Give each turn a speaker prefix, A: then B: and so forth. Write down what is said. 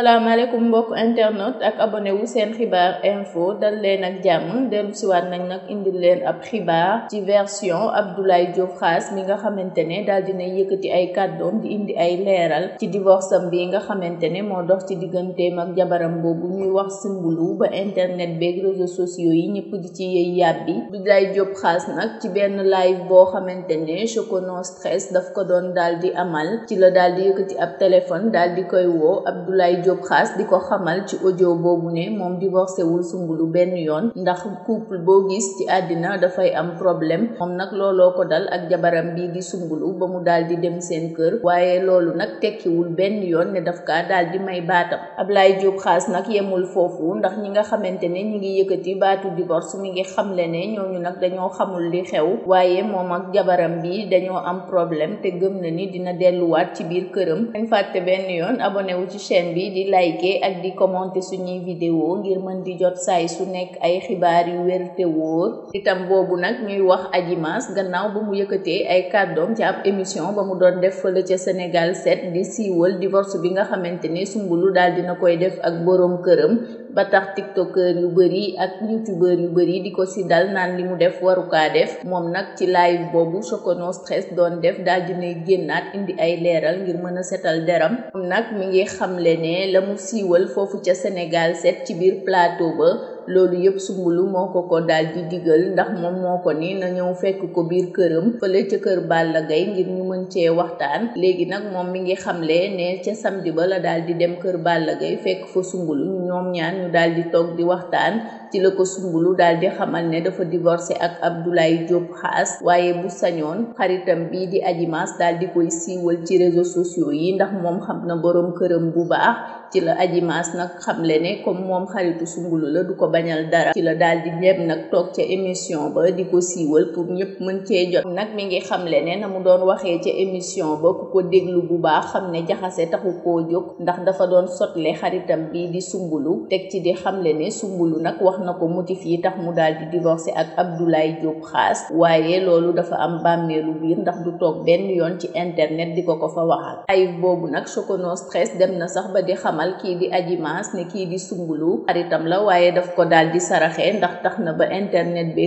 A: salaamaaleykum mbokk internet ak abonné wu seen xibaar info dal leen ak jàmm dellu siwaat nañ nag indi leen ab xibaar ci version Abdoulaye Diouf Khass mi nga xamante ne daal dina yëkkati ay kàddoom di indi ay leeral ci divorce am bi nga xamante ne moo dox ci digganteem ak jabaram boobu ñuy wax simbulu ba internet beeg réseaux sociaux yi ñëpp di ci yëy bi Abdoulaye Diouf Khass nag ci benn live boo xamante ne choco non stress daf ko doon daal di amal ci la daal di yëkkati ab téléphone daal di koy woo Abdoulaye Diop Khass di ko xamal ci audio boobu ne moom divorcé wul Soumboulou benn yoon ndax couple boo gis ci àddina dafay am problème xom nag looloo ko dal ak jabaram bii di Soumboulou ba mu daal di dem seen kër waaye loolu nag tekkiwul benn yoon ne daf kaa daal di may baatam Ablaye Diop Khass nag yemul foofu ndax ñi nga xamante ne ñi ngi yëkkati baatu divorce mi ngi xamle ne ñooñu nag dañoo xamul di xew waaye moom ak jabaram bi dañoo am problème te gëm na ni dina delluwaat ci biir këram di like ak di commenter suñuy vidéo ngir mën di jot say su nek ay xibaar yu wërté woor itam bobu nak ñuy wax aji mas gannaaw bu mu yëkëté ay cadeau ci ab émission ba mu doon def feul ci sénégal 7 di siwol divorce bi nga xamanténé sumbulu dal dina koy def ak borom kërëm ba tax tiktoker yu bari ak youtubeur yu bari diko si dal naan limu def waru ka def mom nak ci live bobu sokono stress doon def dal dina gennat indi ay leral ngir mëna setal deram mom nak mi ngi xamlé né la siiwal foofu ca Sénégal seet ci biir plateau ba loolu yëpp Soumboulou moo ko ko daal di digal ndax moom moo ko ni na ñëw fekk ko biir këram fële ca kër bàll Gaye ngir ñu mën cee waxtaan léegi nag moom mi ngi xamle ne ca samedi ba la daal di dem kër Balla Gaye fekk fa Soumboulou ñoom ñaan ñu daal di toog di waxtaan ci la ko Soumboulou daal di xamal ne dafa divorcé ak Abdoulaye Diop xaas waaye bu sañoon xaritam bii di Adji koy siiwal ci réseaux sociaux yi ndax moom xam na boroom këram bu baax ci la Adji nag xamle ne comme moom xaritu Soumboulou la du ko bañal dara ci la daal di dem nag toog ca émission ba di ko siiwal pour ñëpp mën cee jot nag mi ngi xam le ne na mu doon waxee ca émission ba ku ko déglu bu baax xam ne jaxase taxu koo jóg ndax dafa doon sotle xaritam bii di sumbulu teg ci di xamle ne sumbulu nag wax na ko motif yi tax mu daal di divorcé ak Abdoulaye jóg xaas waaye loolu dafa am bàmmeelu biir ndax du toog benn yoon ci internet di ko ko fa waxal ay boobu nag Chocono stress dem na sax ba di xamal kii di Adji kii di sumbulu daal di saraxee ndax taxna ba internet bi